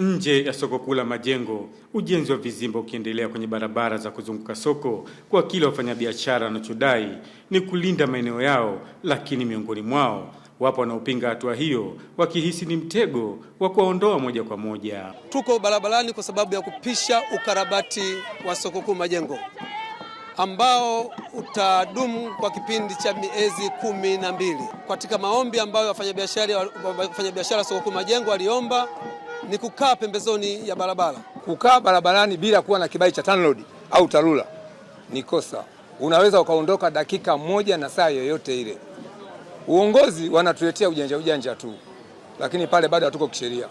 nje ya soko kuu la Majengo, ujenzi wa vizimba ukiendelea kwenye barabara za kuzunguka soko, kwa kila wafanyabiashara wanachodai ni kulinda maeneo yao, lakini miongoni mwao wapo wanaopinga hatua hiyo wakihisi ni mtego wa kuwaondoa moja kwa moja. Tuko barabarani kwa sababu ya kupisha ukarabati wa soko kuu Majengo ambao utadumu kwa kipindi cha miezi kumi na mbili. Katika maombi ambayo wafanyabiashara soko kuu Majengo waliomba ni kukaa pembezoni ya barabara. Kukaa barabarani bila kuwa na kibali cha TANROADS au TARURA ni kosa. Unaweza ukaondoka dakika moja na saa yoyote ile. Uongozi wanatuletea ujanja ujanja tu, lakini pale bado hatuko kisheria.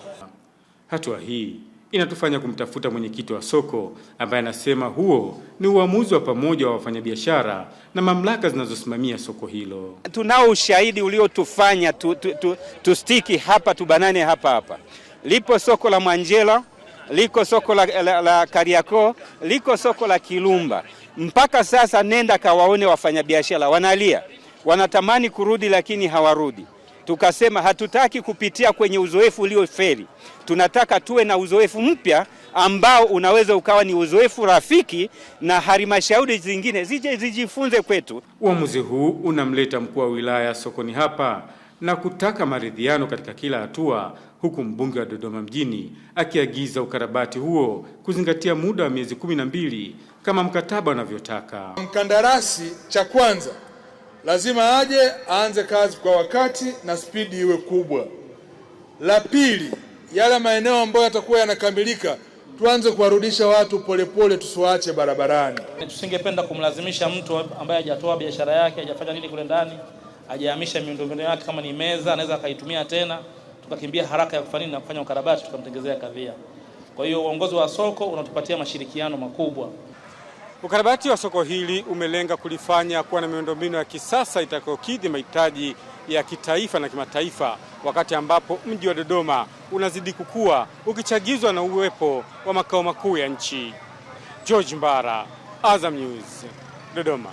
Hatua hii inatufanya kumtafuta mwenyekiti wa soko ambaye anasema huo ni uamuzi wa pamoja wa wafanyabiashara na mamlaka zinazosimamia soko hilo. Tunao ushahidi uliotufanya tustiki tu, tu, tu hapa tubanane hapa hapa lipo soko la Mwanjela, liko soko la, la, la Kariakoo, liko soko la Kilumba. Mpaka sasa nenda kawaone wafanyabiashara wanalia, wanatamani kurudi lakini hawarudi. Tukasema hatutaki kupitia kwenye uzoefu uliofeli, tunataka tuwe na uzoefu mpya ambao unaweza ukawa ni uzoefu rafiki na halmashauri zingine zije zijifunze kwetu. Uamuzi huu unamleta mkuu wa wilaya sokoni hapa na kutaka maridhiano katika kila hatua, huku mbunge wa Dodoma mjini akiagiza ukarabati huo kuzingatia muda wa miezi kumi na mbili kama mkataba unavyotaka. Mkandarasi cha kwanza lazima aje aanze kazi kwa wakati na spidi iwe kubwa. La pili, yale maeneo ambayo yatakuwa yanakamilika tuanze kuwarudisha watu polepole, tusiwaache barabarani. Tusingependa kumlazimisha mtu ambaye hajatoa biashara yake, hajafanya nini kule ndani hajahamisha miundombinu yake, kama ni meza anaweza akaitumia tena, tukakimbia haraka ya kufanya na kufanya ukarabati, tukamtengezea kadhia. Kwa hiyo uongozi wa soko unatupatia mashirikiano makubwa. Ukarabati wa soko hili umelenga kulifanya kuwa na miundombinu ya kisasa itakayokidhi mahitaji ya kitaifa na kimataifa, wakati ambapo mji wa Dodoma unazidi kukua ukichagizwa na uwepo wa makao makuu ya nchi. George Mbara, Azam News, Dodoma.